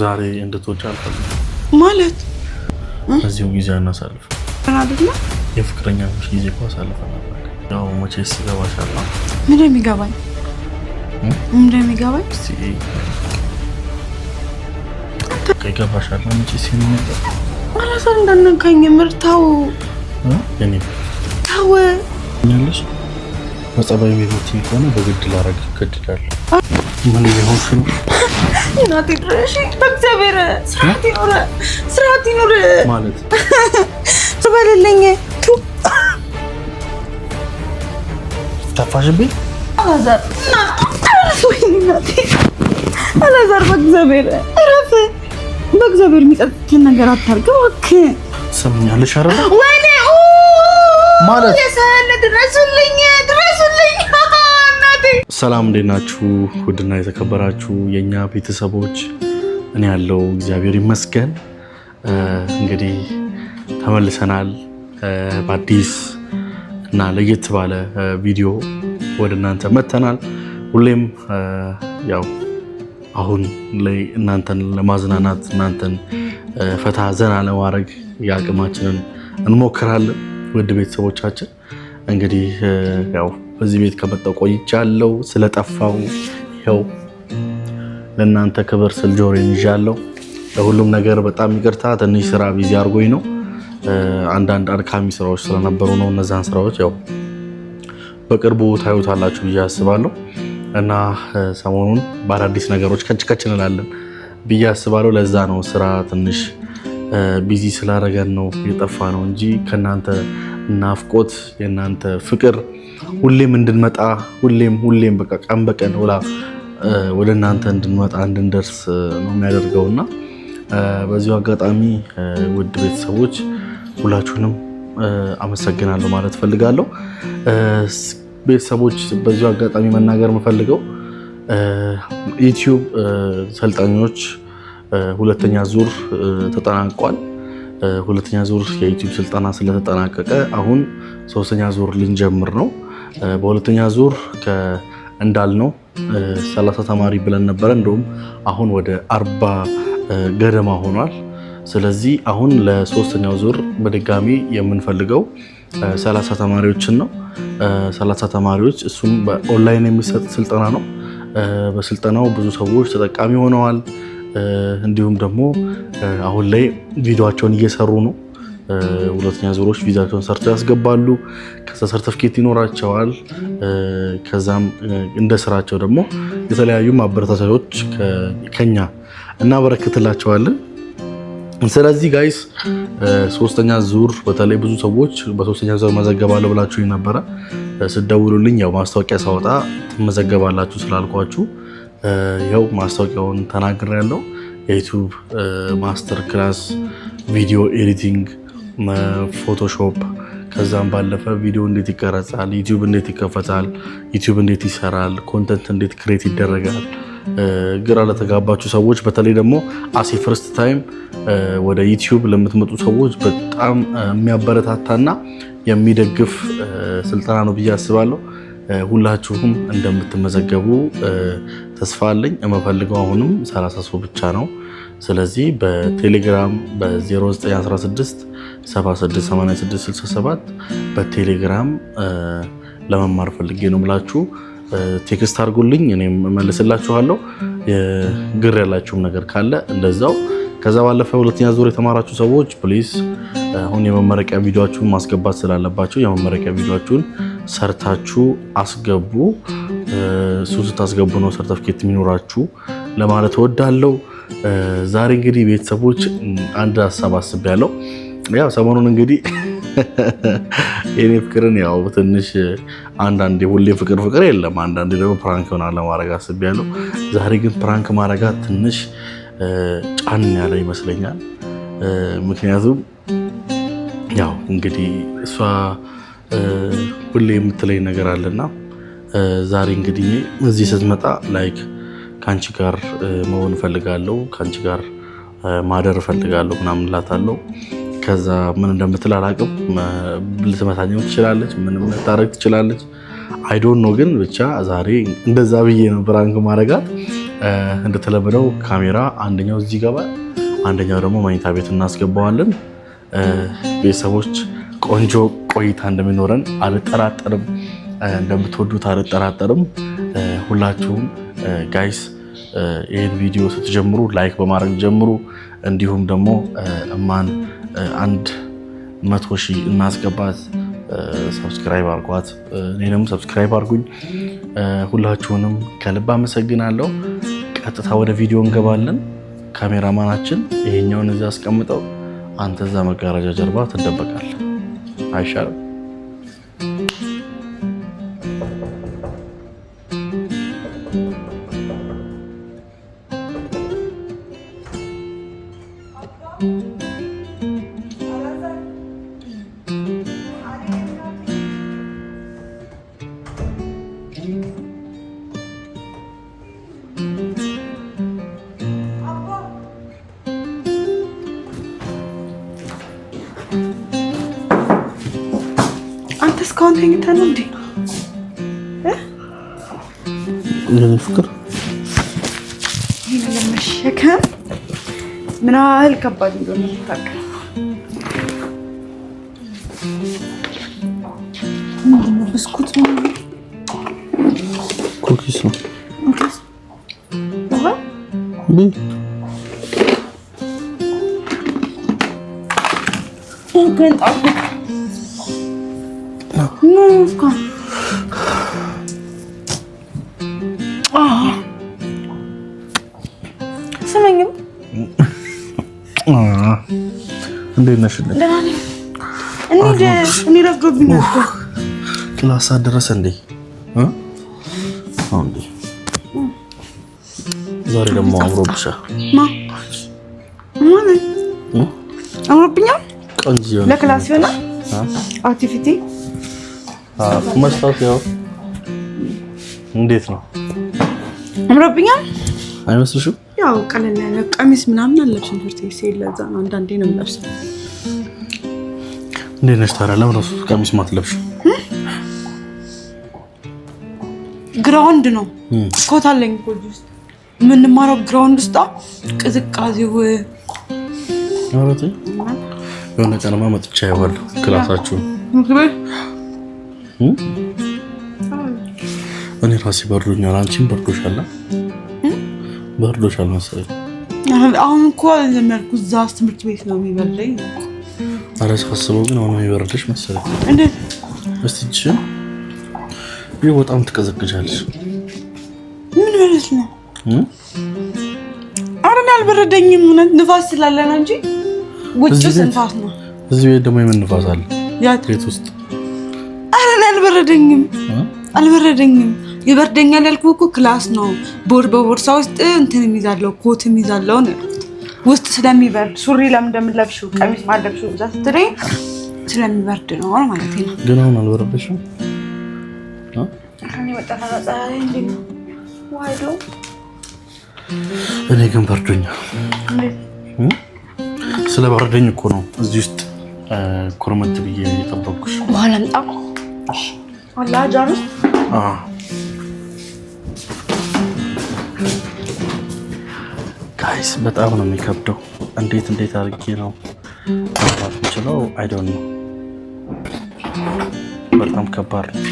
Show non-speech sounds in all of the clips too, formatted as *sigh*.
ዛሬ እንድትወጪ አልፈልግም። ማለት እዚሁ ጊዜ አናሳልፍ አይደለ? የፍቅረኛ ጊዜ እኮ ነበር። ያው መቼስ ይገባሻል። ምን የሚገባኝ ይገባሻል። መቼስ የሚነገር አላሳል እንዳነካኝ የምር ተው፣ እኔ ተው ያለሽ በጸባይ ቤት ከሆነ በግድ ላረግ እገድዳለሁ። ምን ሆን ስራቲኖ ሽ በእግዚአብሔር ስራቲኖ ስራቲኖ ማለት በለለኝ ተፋሽብኝ አላዛር አላዛር በእግዚአብሔር እረፍ። በእግዚአብሔር የሚጠጥትን ነገር አታርገው። ኦኬ ሰምኛለሽ? አረ ወይኔ ማለት ድረሱልኝ፣ ድረስ ሰላም እንዴት ናችሁ? ውድና የተከበራችሁ የእኛ ቤተሰቦች እኔ ያለው እግዚአብሔር ይመስገን። እንግዲህ ተመልሰናል በአዲስ እና ለየት ባለ ቪዲዮ ወደ እናንተ መጥተናል። ሁሌም ያው አሁን ላይ እናንተን ለማዝናናት እናንተን ፈታ ዘና ለማድረግ የአቅማችንን እንሞክራለን። ውድ ቤተሰቦቻችን እንግዲህ ያው በዚህ ቤት ከመጣሁ ቆይቻለሁ። ስለጠፋው ይኸው ለእናንተ ክብር ስል ጆሮዬን ይዣለሁ። ለሁሉም ነገር በጣም ይቅርታ። ትንሽ ስራ ቢዚ አድርጎኝ ነው። አንዳንድ አድካሚ ስራዎች ስለነበሩ ነው። እነዛን ስራዎች ያው በቅርቡ ታዩታላችሁ ብዬ አስባለሁ እና ሰሞኑን በአዳዲስ ነገሮች ከችከች እንላለን ብዬ አስባለሁ። ለዛ ነው ስራ ትንሽ ቢዚ ስላደረገን ነው የጠፋ ነው እንጂ ከእናንተ ናፍቆት የእናንተ ፍቅር ሁሌም እንድንመጣ ሁሌም ሁሌም በቃ ቀን በቀን ውላ ወደ እናንተ እንድንመጣ እንድንደርስ ነው የሚያደርገው እና በዚሁ አጋጣሚ ውድ ቤተሰቦች ሁላችሁንም አመሰግናለሁ ማለት ፈልጋለሁ። ቤተሰቦች በዚሁ አጋጣሚ መናገር የምፈልገው ዩቲዩብ ሰልጣኞች ሁለተኛ ዙር ተጠናቋል። ሁለተኛ ዙር የዩቲዩብ ስልጠና ስለተጠናቀቀ አሁን ሶስተኛ ዙር ልንጀምር ነው። በሁለተኛ ዙር እንዳልነው ሰላሳ ተማሪ ብለን ነበረ። እንደውም አሁን ወደ አርባ ገደማ ሆኗል። ስለዚህ አሁን ለሶስተኛው ዙር በድጋሚ የምንፈልገው ሰላሳ ተማሪዎችን ነው። ሰላሳ ተማሪዎች እሱም በኦንላይን የሚሰጥ ስልጠና ነው። በስልጠናው ብዙ ሰዎች ተጠቃሚ ሆነዋል። እንዲሁም ደግሞ አሁን ላይ ቪዲዮቸውን እየሰሩ ነው። ሁለተኛ ዙሮች ቪዛቸውን ሰርተው ያስገባሉ። ከዛ ሰርተፍኬት ይኖራቸዋል። ከዛም እንደ ስራቸው ደግሞ የተለያዩ ማበረታቻዎች ከኛ እናበረክትላቸዋለን። ስለዚህ ጋይስ ሶስተኛ ዙር በተለይ ብዙ ሰዎች በሶስተኛ ዙር መዘገባለሁ ብላችሁ ነበረ። ስደውሉልኝ ያው ማስታወቂያ ሳወጣ ትመዘገባላችሁ ስላልኳችሁ ያው ማስታወቂያውን ተናግሬያለሁ። የዩቱብ ማስተር ክላስ ቪዲዮ ኤዲቲንግ ፎቶሾፕ ከዛም ባለፈ ቪዲዮ እንዴት ይቀረጻል፣ ዩቲዩብ እንዴት ይከፈታል፣ ዩቲዩብ እንዴት ይሰራል፣ ኮንተንት እንዴት ክሬት ይደረጋል። ግራ ለተጋባችሁ ሰዎች በተለይ ደግሞ አሴ ፈርስት ታይም ወደ ዩቲዩብ ለምትመጡ ሰዎች በጣም የሚያበረታታና የሚደግፍ ስልጠና ነው ብዬ አስባለሁ። ሁላችሁም እንደምትመዘገቡ ተስፋ አለኝ። የምፈልገው አሁንም 30 ሰው ብቻ ነው። ስለዚህ በቴሌግራም በ0916 7686667 በቴሌግራም ለመማር ፈልጌ ነው ምላችሁ ቴክስት አድርጉልኝ፣ እኔም መልስላችኋለሁ። ግር ያላችሁም ነገር ካለ እንደዛው። ከዛ ባለፈ ሁለተኛ ዙር የተማራችሁ ሰዎች ፕሊስ አሁን የመመረቂያ ቪዲዮችሁን ማስገባት ስላለባቸው የመመረቂያ ቪዲዮችሁን ሰርታችሁ አስገቡ። እሱን ስታስገቡ ነው ሰርተፍኬት የሚኖራችሁ ለማለት እወዳለሁ። ዛሬ እንግዲህ ቤተሰቦች አንድ ሀሳብ አስቤያለሁ። ያው ሰሞኑን እንግዲህ የኔ ፍቅርን ያው ትንሽ አንዳንዴ ሁሌ ፍቅር ፍቅር የለም። አንዳንዴ ደግሞ ፕራንክ ሆና ለማድረግ አስቤያለሁ። ዛሬ ግን ፕራንክ ማድረጋ ትንሽ ጫን ያለ ይመስለኛል። ምክንያቱም ያው እንግዲህ እሷ ሁሌ የምትለኝ ነገር አለና ዛሬ እንግዲህ እዚህ ስትመጣ ላይክ ከአንቺ ጋር መሆን እፈልጋለሁ፣ ከአንቺ ጋር ማደር እፈልጋለሁ ምናምን እላታለሁ ከዛ ምን እንደምትል አላቅም። ልትመታኝም ትችላለች፣ ምንም ልታረግ ትችላለች። አይዶን ነው ግን ብቻ ዛሬ እንደዛ ብዬ ነው ብራንክ ማረጋት። እንደተለመደው ካሜራ አንደኛው እዚህ ይገባል፣ አንደኛው ደግሞ መኝታ ቤት እናስገባዋለን። ቤተሰቦች ቆንጆ ቆይታ እንደሚኖረን አልጠራጠርም፣ እንደምትወዱት አልጠራጠርም። ሁላችሁም ጋይስ ይህን ቪዲዮ ስትጀምሩ ላይክ በማድረግ ጀምሩ። እንዲሁም ደግሞ እማን አንድ መቶ ሺህ እናስገባት፣ ሰብስክራይብ አርጓት፣ እኔ ደግሞ ሰብስክራይብ አርጉኝ። ሁላችሁንም ከልብ አመሰግናለሁ። ቀጥታ ወደ ቪዲዮ እንገባለን። ካሜራማናችን ይሄኛውን እዚያ አስቀምጠው፣ አንተ እዛ መጋረጃ ጀርባ ትደበቃለህ አይሻልም? መሸከም ምን ያህል ከባድ እንደሆነ ታውቃለህ። ብስኩት ኩኪስ ነው። ምን ነሽልኝ? እኔ ክላስ አደረሰ እንዴ? ዛሬ ደግሞ አምሮብሻል። አምሮብኛል። ቆንጆ ለክላስ ይሆናል። አክቲቪቲ መስታወት ያው እንዴት ነው? አምሮብኛል አይመስልሽም? ያው ቀለል ያለ ቀሚስ ምናምን አለብሽ። ትምህርት ቤት ሲሄድ ለዛ ነው አንዳንዴ ነው የምለብሰው እንዴት ነሽ ታዲያ? ለምን ቀሚስ ማትለብሽ? ግራውንድ ነው። ኮት አለኝ ኮጅ ውስጥ የምንማረው ግራውንድ ውስጥ ቅዝቃዜው። አረቲ የሆነ ጨለማ መጥቻ ይዋል ክላሳችሁ እኔ ራሴ በርዶኛል። አንቺም በርዶሻል በርዶሻል መሰለኝ። አሁን እኮ ለመርኩ እዛ ትምህርት ቤት ነው የሚበለኝ አረ ሳስበው ግን አሁን የበረደች መሰለኝ። እንዴት እስቲ ይህ በጣም ትቀዘቅጃለች። ምን ማለት ነው? አረን አልበረደኝም። እውነት ንፋስ ስላለ ነው እንጂ ውጭ ስንፋስ ነው። እዚህ ቤት ደግሞ የምን ንፋስ አለ? ያት ቤት ውስጥ አረን አልበረደኝም፣ አልበረደኝም። ይበርደኛል ያልኩህ እኮ ክላስ ነው። ቦርድ በቦርሳ ውስጥ እንትን ይዛለው፣ ኮት ይዛለው ነው ውስጥ ስለሚበርድ ሱሪ ለምን እንደምለብሽው ቀሚስ ማለብሽው ብዛ ስትለኝ ስለሚበርድ ነው ማለት ነው። ግን አሁን አልበረደሽም? እኔ ግን በርዶኛል። ስለ በረደኝ እኮ ነው እዚህ ውስጥ ኮርመት ብዬ የጠበኩሽ። ውሃ ላምጣ አላ ጃሩ ጋይስ በጣም ነው የሚከብደው። እንዴት እንዴት አድርጌ ነው ማባት የምችለው? አይዶን ነው በጣም ከባድ ነው።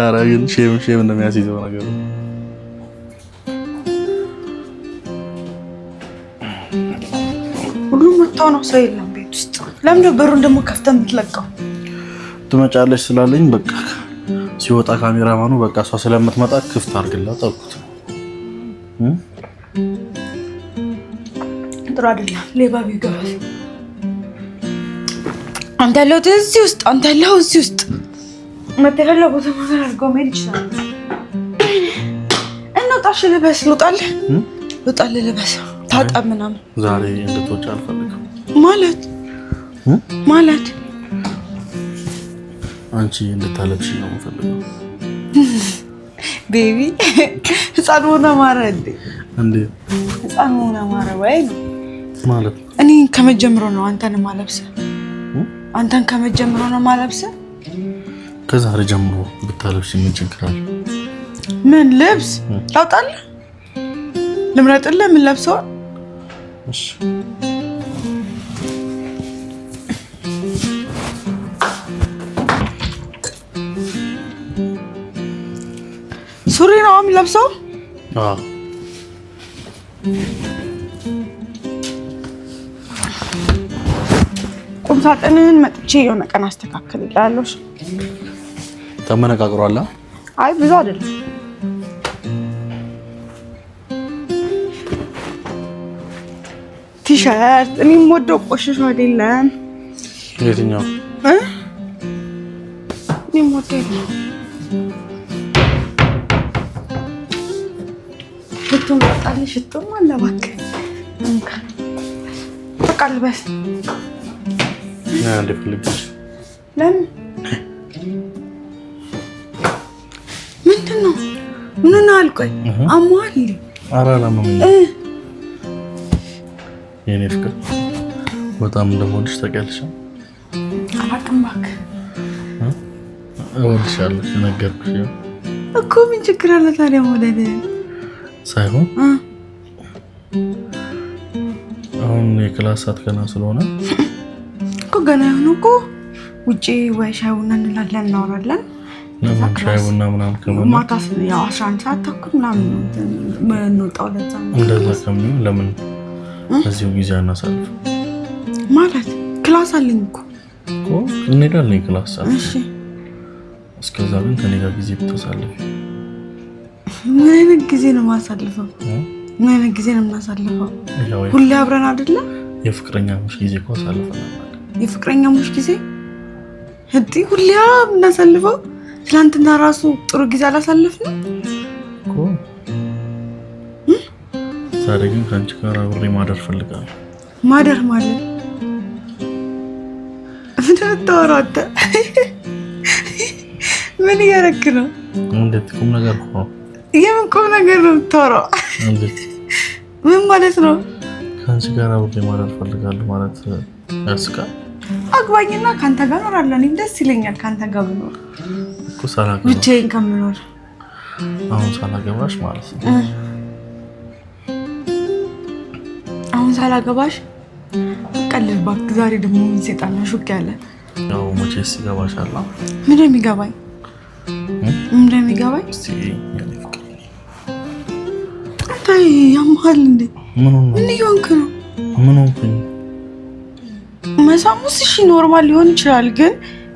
ኧረ *laughs* ግን ሼም ሼም እንደሚያስይዘው ነገሩ ሁሉም መጥተው ነው። ሰው የለም ቤት ውስጥ። ለምንድነው በሩን ደግሞ ከፍተህ የምትለቀው? ትመጫለች ስላለኝ በቃ ሲወጣ ካሜራማኑ በቃ እሷ ስለምትመጣ ክፍት አድርግላት ጠብቁት። ጥሩ አይደለም። ሌባ ቢገባል። አንተ ያለው እዚህ ውስጥ አንተ ያለው እዚህ ውስጥ መተፈለጉት ነገር አድርገው መሄድ ይችላል። እንውጣሽ፣ ልበስ፣ ልውጣልህ፣ ልውጣልህ፣ ልበስ፣ ታጠብ ምናምን። ዛሬ እንድትወጪ አልፈልግም ማለት ማለት አንቺ እንድታለብሽ ነው የምፈልገው። ቤቢ ህፃን ሆነ ማረ እንዴ! እንዴ ህፃን ሆነ ማረ ወይ ማለት ነው። እኔ ከመጀመሩ ነው አንተን ማለብሰ አንተን ከመጀመሩ ነው ማለብሰ። ከዛሬ ጀምሮ ብታለብሽ ምን ችግር አለ? ምን ልብስ ላውጣልህ? ልምረጥልህ? ምን ለብሰው? እሺ የሚለብሰው? አዎ። መጥቼ የሆነ ቀን አስተካክልልሃለሁ። ተመነቃቅሯል። አይ ብዙ አይደለም። ቲሸርት እኔም ወደው ቆሽሽ ወደ የትኛው ሽቶም አለ እባክህ። በቃ ልበስ። ለምን ምንድን ነው? ምን አልቆኝ አሟል የኔ ፍቅር በጣም እንደምወድሽ ታውቂያለሽ። አላውቅም እባክህ እወድሻለሁ። ነገርኩሽ እኮ ምን ችግር አለ ታዲያ? መውደድ ሳይሆን አሁን የክላስ ሰዓት ገና ስለሆነ እኮ ገና የሆኑ እኮ ውጭ ወይ ሻይ ቡና እንላለን፣ እናወራለን። ለምን ሻይ ቡና ምናምን ከሆነ ማታ ያው አስራ አንድ ሰዓት ተኩል ምናምን የምንወጣው ለዛ ነው። እንደዛ ከሚሆን ለምን እዚሁ ጊዜ አናሳልፍ? ማለት ክላስ አለኝ እኮ እኮ እንሄዳለን ክላስ ሰዓት። እሺ እስከዛ ግን ከኔ ጋር ጊዜ ብታሳልፍ። ምን አይነት ጊዜ ነው የማሳልፈው? ምን አይነት ጊዜ ነው የምናሳልፈው? ሁሌ አብረን አይደለ? ሙሽ ጊዜ ሳልፈ የፍቅረኛ ሙሽ ጊዜ እንዴ? ሁሌ የምናሳልፈው ትላንትና ራሱ ጥሩ ጊዜ አላሳለፍንም እኮ። ዛሬ ግን ከአንቺ ጋር አብሬ ማደር ፈልጋለሁ። ማደር ማደር ምን የምታወራው አንተ? ምን እያደረክ ነው? እንዴት ቁም ነገር ነው? የምን ቁም ነገር ነው የምታወራው? ምን ማለት ነው? ከአንቺ ጋር አብሬ ማለት እፈልጋለሁ ማለት ያስቃል። አግባኝና ከአንተ ጋር እኖራለሁ። እኔም ደስ ይለኛል ከአንተ ጋር ብኖር ብቻዬን ከምኖር። አሁን ሳላገባሽ ማለት ነው። አሁን ሳላገባሽ ቀልድ እባክህ። ዛሬ ደግሞ ምን ሴጣና ሹክ ያለ ያው መቼስ ይገባሻል። ምን እንደሚገባኝ ምን እንደሚገባኝ ተስፋዬ ያምሃል እንዴ? ምን እየሆንክ ነው? ምን ሆንኩኝ? መሳሙስ እሺ ኖርማል ሊሆን ይችላል፣ ግን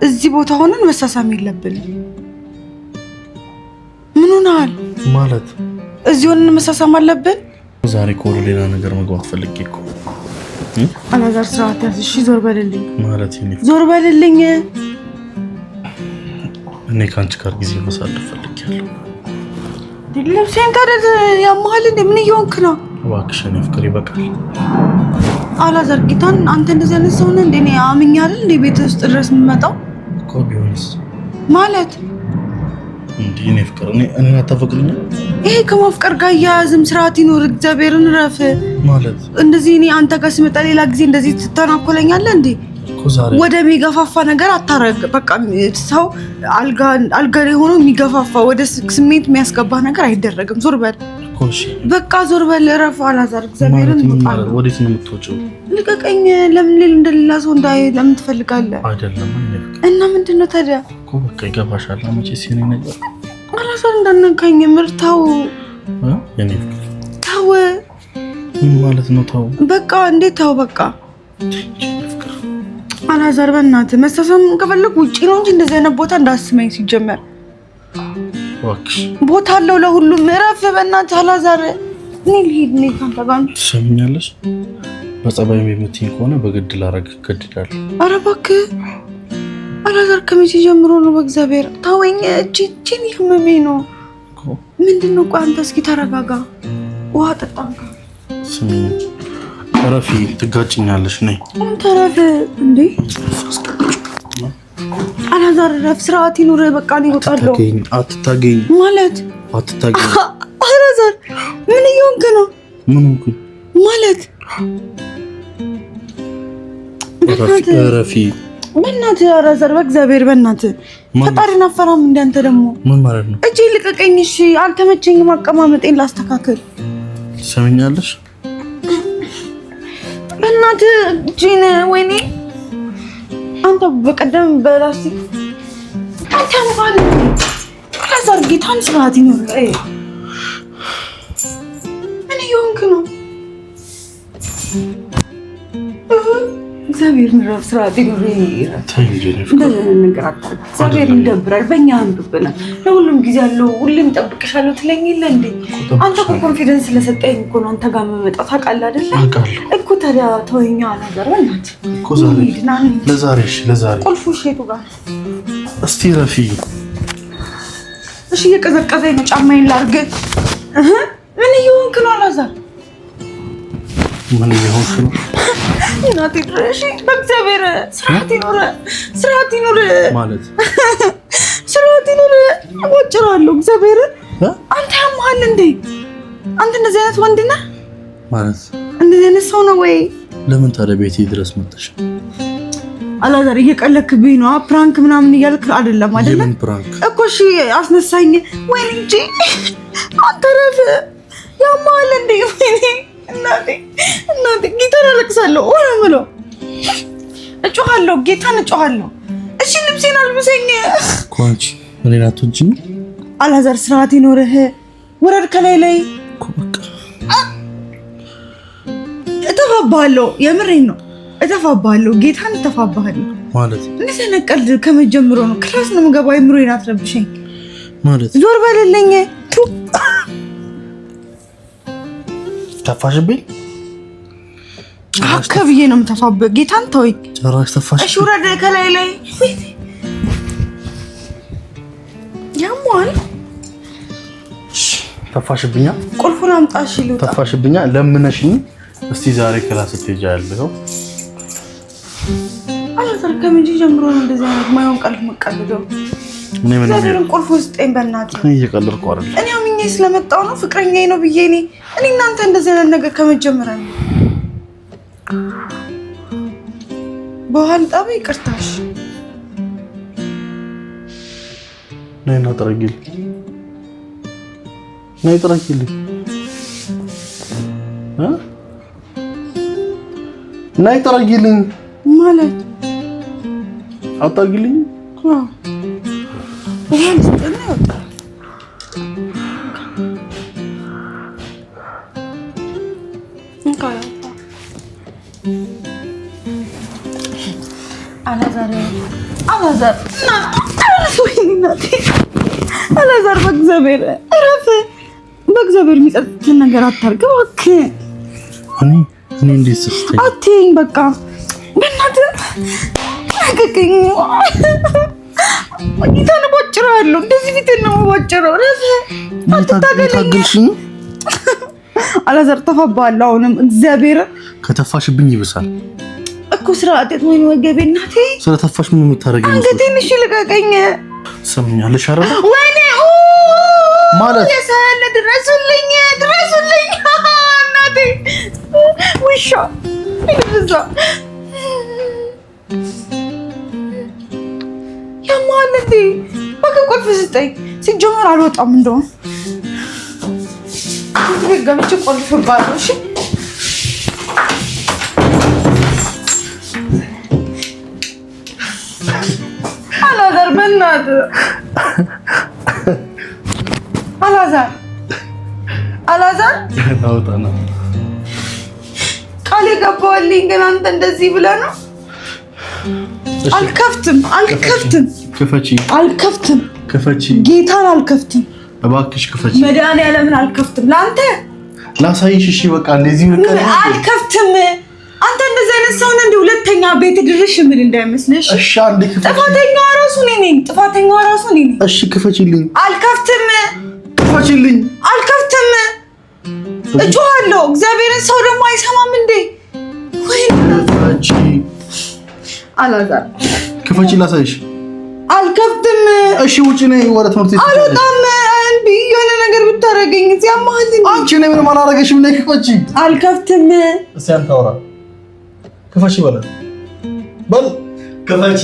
እዚህ ቦታ ሆነን መሳሳም የለብንም። ምን ሆነሃል ማለት? እዚህ ሆነን መሳሳም አለብን? ዛሬ እኮ ሌላ ነገር መግባት ፈልጌ እኮ አላዛር፣ ስርዓት ያዝ እሺ። ዞር በልልኝ ማለት ዞር በልልኝ። እኔ ከአንቺ ጋር ጊዜ ማሳለፍ ፈልጌያለሁ። ልብሴን ታዲያ ያመሃል እንደ ምን እየሆንክ ነው? እባክሽን ፍቅር ይበቃል። አላዛር ጌታን አንተ እንደዚህ አይነት ሰው ነህ እንዴ? እኔ አምኛል እንዴ ቤት ውስጥ ድረስ የምመጣው እኮ ቢሆንስ ማለት እንዴ? እኔ ፍቅር እኔ እና ታፈቅሩኝ ይሄ ከማፍቀር ጋር እያያዝም ስርዓት ይኖር እግዚአብሔርን ረፍ ማለት እንደዚህ እኔ አንተ ጋር ስመጣ ሌላ ጊዜ እንደዚህ ትተናኮለኛለህ እንዴ? ወደ የሚገፋፋ ነገር አታረግ። በቃ ሰው አልጋ ላይ የሚገፋፋ ወደ ስሜት የሚያስገባ ነገር አይደረግም። ዞር በል በቃ ዞር በል እረፍ። አላዛር እግዚአብሔርን ልቀቀኝ። ለምን ሌል እንደሌላ ሰው እንዳይ ለምን ትፈልጋለህ? እና ምንድን ነው ታዲያ? በቃ ይገባሻል። መቼ ሲሆን ነገር አላዛር እንዳነካኝ ምር ተው፣ ተው ማለት ነው ተው። በቃ እንዴት ተው በቃ አላዛር በእናትህ መሳሳም ከፈለግ ውጭ ነው እንጂ እንደዚህ አይነት ቦታ እንዳስመኝ። ሲጀመር ቦታ አለው ለሁሉም። እረፍ በእናትህ አላዛር። እኔ ልሄድ ነው ካንተ ጋር ትሰሚኛለሽ። በጸባይም የምትይኝ ከሆነ በግድ ላረግ እገድዳለሁ። ኧረ እባክህ አላዛር፣ ከመቼ ጀምሮ ነው በእግዚአብሔር ታወኝ። እቺን ህመሜ ነው ምንድን ነው? ቆይ አንተ እስኪ ተረጋጋ፣ ውሃ ጠጣ። እረፊ፣ ትጋጭኛለሽ። ነይ አንተ እንዴ አላዛር ረፍ፣ ስርዓት ይኑር። በቃ እኔ እወጣለሁ። አትታገኝ ማለት አትታገኝ። አላዛር ምን እየሆንክ ነው? ምን ሆንኩኝ ማለት እረፊ በእናትህ አላዛር፣ በእግዚአብሔር በእናትህ ፈጣሪን አፈራም። እንዳንተ አንተ ደግሞ ምን ማለት ነው? እጄ ልቀቀኝ። እሺ አልተመቸኝም፣ አቀማመጤን ላስተካክል። ትሰሚኛለሽ? በእናትህ ጂን ወይኔ አንተ በቀደም በላስቲክ አንተ ባል አላዛር ጌታን ስርዓት ይኖር ምን እየሆንክ ነው? እግዚአብሔር ንረብ ስራ እግዚአብሔር ይደብራል። በእኛ አንብብናል። ለሁሉም ጊዜ አለው፣ ሁሌም ጠብቅሻለሁ ትለኝ የለ እንዴ? አንተ እኮ ኮንፊደንስ ስለሰጠኝ እኮ ነው አንተ ጋር የምመጣው። ታውቃለህ አይደለ እኮ ታዲያ ተወኛ ነገር ናት። ቁልፉ ሼቱ ጋር እስቲ ረፊ። እሺ እየቀዘቀዘኝ ነው። ጫማዬን ላድርግ። ምን እየሆንክ ነው አላዛር? ምን ይሆን ነው? እናቴ ድረሽ በእግዚአብሔር ስርዓት ይኖር፣ ስርዓት ይኖር ማለት ስርዓት ይኖር። ወጭራለሁ እግዚአብሔር። አንተ ያማሃል እንዴ? አንተ እንደዚህ አይነት ወንድ ነህ ማለት እንደዚህ አይነት ሰው ነው ወይ? ለምን ታዲያ ቤቴ ድረስ መጣሽ? አላዛር እየቀለክብኝ ነው። ፕራንክ ምናምን እያልክ አይደለም አይደለ? እኮ እሺ አስነሳኝ ወይ እንጂ አንተ ረፍ ያማሃል እንዴ? እናቴ እናቴ ጌታን አለቅሳለሁ ሆነ ብሎ እጮኋለሁ፣ ጌታን እጮኋለሁ። እሺ ልብሴን አልብሰኝ እኮ አንቺ በሌላት አላዛር ስርዓት ይኖርህ። ውረድ ከላይ ላይ እተፋባሃለሁ። የምሬን ነው እተፋባሃለሁ። ጌታን እተፋባሃለሁ ማለት እንዴት አይነት ከመጀምሮ ነው? ክላስ ነው የምገባው። አይምሮዬን አትረብሸኝ ማለት ዞር በልልኝ ቱ ተፋሽብኝ። አከብዬ ነው የምተፋበት። ጌታን ተወኝ። ጭራሽ ተፋሽ። እሺ ውረድ ከላይ ላይ ያሟል። ተፋሽብኛ። ቁልፉን አምጣሽ። ልውጣ። ተፋሽብኛ። ለምነሽኝ። እስቲ ዛሬ ክላስ ስትሄጂ ያለው አላተር ከምንጂ ጀምሮ ነው እንደዚህ አይነት ማየውን ቀልፍ መቀልደው እኔ ምን ነው ቁልፍ ውስጥ በእናትህ እየቀለድኩ አይደል እኔ ስለመጣው ነው ፍቅረኛዬ ነው ብዬ እኔ እኔ እናንተ እንደዚህ አይነት ነገር ከመጀመር ነው በኋላ ጣበ ይቅርታሽ ነይና ጥረጊል ነይ ጥረጊልኝ ነይ ጥረጊልኝ ማለት አጣርጊልኝ ውሃ ልስጥና ይወጣል አላዛር አላዛር ና አረፍ። ወይኔ እናቴ በእግዚአብሔር እረፍ። በእግዚአብሔር የሚጸጽትን ነገር አታርግ እባክህ። እኔ እኔ እንዴት ስትይ አትይኝ። በቃ በእናትህ ልቀቀኝ። ጌታን እንደዚህ ፊቴን ነው የምቧጭረው። እረፍ፣ አትታገለኝ። አላዛር ተፋብሃለሁ። አሁንም እግዚአብሔር ከተፋሽብኝ ይብሳል እኮ ስራ አጤት ወይን ወገቤ እናቴ ስለተፋሽ ምን የምታደርጊው? አንገቴን እሺ ልቀቀኝ። ሰምኛለሽ አይደል? ወይኔ ማለት የሰለ ድረሱልኝ፣ ድረሱልኝ እናቴ ውሻ ይብዛ ያማል እንዴ ቁልፍ ስጠኝ። ሲጀመር አልወጣም እንደውም ገብቼ ቆልፍ እሺ በእናትህ አላዛር አላዛር ቃል የገባልኝ ግን አንተ እንደዚህ ብለህ ነው። አልከፍትም፣ አልከፍትም፣ አልከፍትም፣ ጌታን አልከፍትም፣ እባክሽ ክፈቺ። መድኃኒዓለምን አልከፍትም። ለአንተ ላሳይሽ። እሺ በቃ እንደዚህ አልከፍትም አንተ እንደዚህ አይነት ሰው ነህ እንዴ? ሁለተኛ ቤት ድርሽ ምን እንዳይመስልሽ። እሺ አንዴ ክፈች። ጥፋተኛዋ ራሱ እኔ ነኝ። ጥፋተኛዋ ራሱ እኔ ነኝ። እሺ ክፈችልኝ። አልከፍትም። ክፈችልኝ። አልከፍትም። እጮሃለሁ። እግዚአብሔርን ሰው ደግሞ አይሰማም እንዴ? ወይ አንቺ አላዛር ክፈች ላሳይሽ። አልከፍትም። እሺ ውጪ ነይ። ወደ ትምህርት ቤት አልወጣም። እንቢ የሆነ ነገር ብታረገኝ እዚያ ማህል አንቺ ነኝ። ምንም አላረገሽም። ነይ ክፈች። አልከፍትም። እስቲ አንተ አውራ ክፈቺ በለ በል ክፈቺ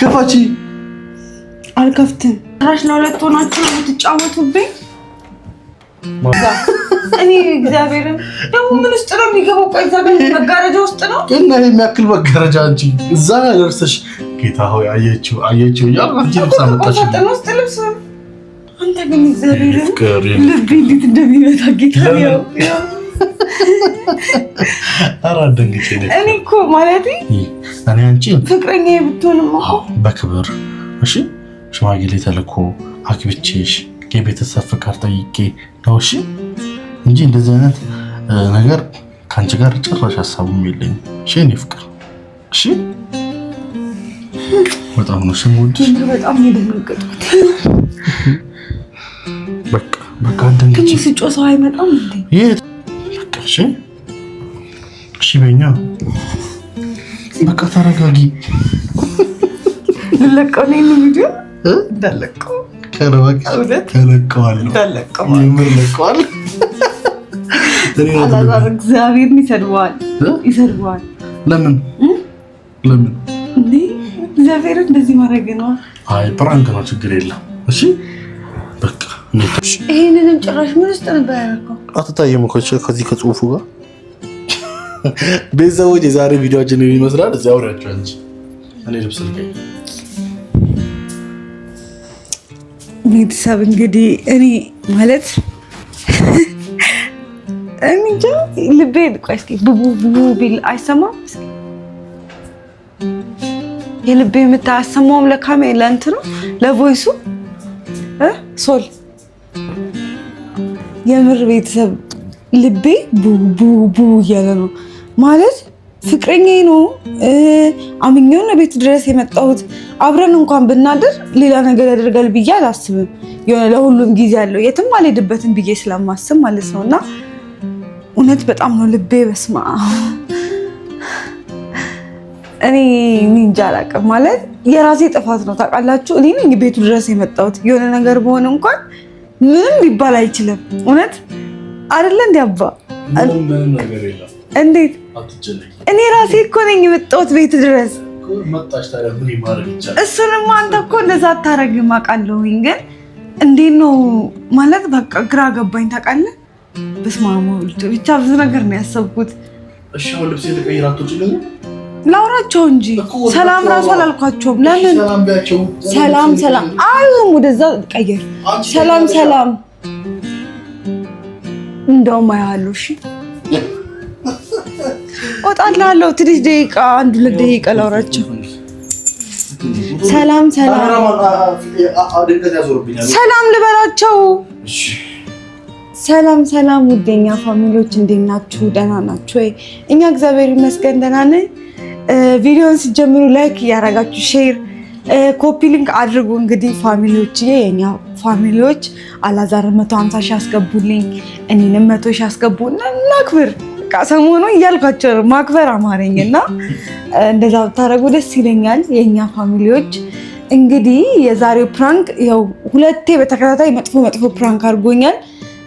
ክፈቺ። አልከፍትም። ራሽ ለሁለት ሆናችሁ የምትጫወቱብኝ። እኔ እግዚአብሔርን ደግሞ ምን ውስጥ ነው የሚገባው? ቆይ እዛ መጋረጃ ውስጥ ነው እና የሚያክል መጋረጃ አንቺ እዛ ደርሰሽ ጌታ ሆይ አየችው አየችው እያልኩ ልብስ አመጣሽ ውስጥ ልብስ አንተ ግን እግዚአብሔርን ልቤ እንዴት እንደሚመታ ጌታ ያው እኔ እኮ ማለቴ እኔ አንቺ ፍቅረኛ ብትሆንም እኮ በክብር እሺ፣ ሽማግሌ ተልኮ አክብቼሽ የቤተሰብ ፍቃድ ጠይቄ ነው እሺ፣ እንጂ እንደዚህ አይነት ነገር ከአንቺ ጋር ጭራሽ ሀሳቡም የለኝም። እሺ፣ እኔ ፍቅር እሺ፣ በጣም ነው የምወድሽ። በጣም የደነገጥኩት በቃ በቃ፣ ስጮ ሰው አይመጣም እንዴ? እሺ እሺ፣ በኛ በቃ ተረጋጊ። ልለቀው ነው ይሄን ቪዲዮ እንዳለቀው ይሰድበዋል ይሰድበዋል። ለምን ለምን እንደዚህ ማድረግ ነው? አይ ፕራንክ ነው፣ ችግር የለም እሺ ይህንንም ጭራሽ ምን ውስጥ ነበር ያደርገው? አትታየም እኮ ከዚህ ከጽሁፉ ጋር ቤተሰቦች፣ የዛሬ ቪዲዮችን ይመስላል። እዚ አውሪያቸው እንጂ እኔ ልብስ ልቀ ቤተሰብ እንግዲህ እኔ ማለት እንጃ ልቤ ቆስ ብቡ ብቡ ቢል አይሰማም። የልቤ የምታሰማውም ለካሜ ለእንትኑ ለቮይሱ ሶል የምር ቤተሰብ ልቤ ቡቡ እያለ ነው ማለት ፍቅረኛ ነው አምኜው ነው ቤት ድረስ የመጣሁት። አብረን እንኳን ብናድር ሌላ ነገር ያደርጋል ብዬ አላስብም። የሆነ ለሁሉም ጊዜ ያለው የትም አልሄድበትም ብዬ ስለማስብ ማለት ነው። እና እውነት በጣም ነው ልቤ በስማ እኔ እንጃ አላውቅም። ማለት የራሴ ጥፋት ነው ታውቃላችሁ። እኔ ነኝ ቤቱ ድረስ የመጣሁት የሆነ ነገር በሆነ እንኳን ምንም ሊባል አይችልም። እውነት አይደለ? እንዲ አባ እንዴት እኔ ራሴ እኮ ነኝ የመጣሁት ቤት ድረስ። እሱንማ አንተ እኮ እንደዛ አታረግም አውቃለሁኝ፣ ግን እንዴት ነው ማለት በቃ ግራ ገባኝ ታውቃለህ። በስመ አብ ብቻ ብዙ ነገር ነው ያሰብኩት። እሺ ልብስ ላውራቸው እንጂ ሰላም ራሱ አላልኳቸውም። ለምን ሰላም ሰላም አይሁም፣ ወደዛ ቀየር። ሰላም ሰላም፣ እንደውም አያለሁ። እሺ እወጣላለሁ። ትንሽ ደቂቃ፣ አንድ ሁለት ደቂቃ ላውራቸው። ሰላም ሰላም፣ ሰላም ልበላቸው። ሰላም ሰላም፣ ውደኛ ፋሚሊዎች እንዴት ናችሁ? ደህና ናችሁ ወይ? እኛ እግዚአብሔር ይመስገን ደህና ነን። ቪዲዮን ሲጀምሩ ላይክ እያደረጋችሁ ሼር ኮፒ ሊንክ አድርጉ። እንግዲህ ፋሚሊዎች የኛ ፋሚሊዎች አላዛር 150 ሺህ አስገቡልኝ፣ እኔንም 100 ሺህ አስገቡ እናክብር። በቃ ሰሞኑ እያልኳቸው ማክበር አማረኝ እና እንደዛ ብታደረጉ ደስ ይለኛል። የእኛ ፋሚሊዎች እንግዲህ የዛሬው ፕራንክ ያው ሁለቴ በተከታታይ መጥፎ መጥፎ ፕራንክ አድርጎኛል።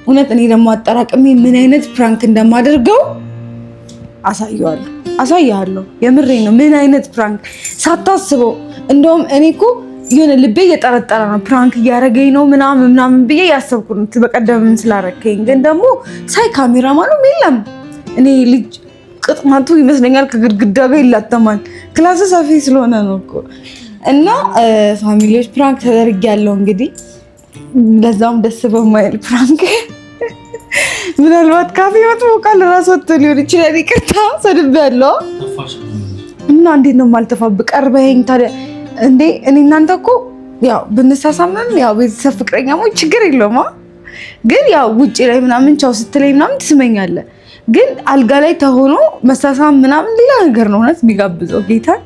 እውነት እኔ ደግሞ አጠራቅሜ ምን አይነት ፕራንክ እንደማደርገው አሳየዋለሁ አሳያለሁ። የምሬ ነው። ምን አይነት ፕራንክ ሳታስበው። እንደውም እኔ እኮ የሆነ ልቤ እየጠረጠረ ነው፣ ፕራንክ እያደረገኝ ነው ምናምን ምናምን ብዬ ያሰብኩት በቀደምም ስላረከኝ፣ ግን ደግሞ ሳይ ካሜራማኑም የለም። እኔ ልጅ ቅጥማቱ ይመስለኛል ከግድግዳ ጋር ይላተማል። ክላስ ሰፊ ስለሆነ ነው እኮ እና ፋሚሊዎች ፕራንክ ያለው እንግዲህ ለዛም ደስ በማይል ፕራንክ ምናልባት ካፌ መጥሞቃል ራስ ወጥቶ ሊሆን ይችላል። ይቅርታ ሰድብ ያለው እና እንዴት ነው የማልተፋብ ቀርበኸኝ ታዲያ እንዴ እኔ እናንተ እኮ ያው ብንሳሳምም ያው ቤተሰብ ፍቅረኛሞች ችግር የለውም። ግን ያው ውጭ ላይ ምናምን ቻው ስትለኝ ምናምን ትስመኛለህ። ግን አልጋ ላይ ተሆኖ መሳሳም ምናምን ሌላ ነገር ነው እውነት የሚጋብዘው ጌታን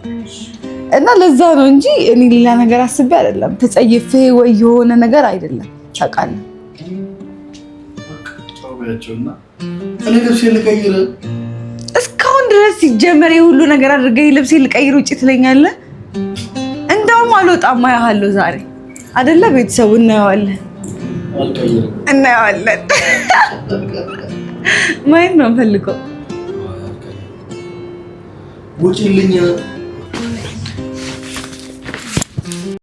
እና ለዛ ነው እንጂ እኔ ሌላ ነገር አስቤ አይደለም። ተጸይፌ ወይ የሆነ ነገር አይደለም ታውቃለህ ያቸው እና እኔ ልብሴ ልቀይር እስካሁን ድረስ ሲጀመር የሁሉ ነገር አድርገህ ልብሴ ልቀይር ውጭ ትለኛለህ። እንደውም አልወጣም አያሃለሁ። ዛሬ አይደለ ቤተሰቡ እናየዋለን እናየዋለን። ማየት ነው ፈልገው ውጭልኛ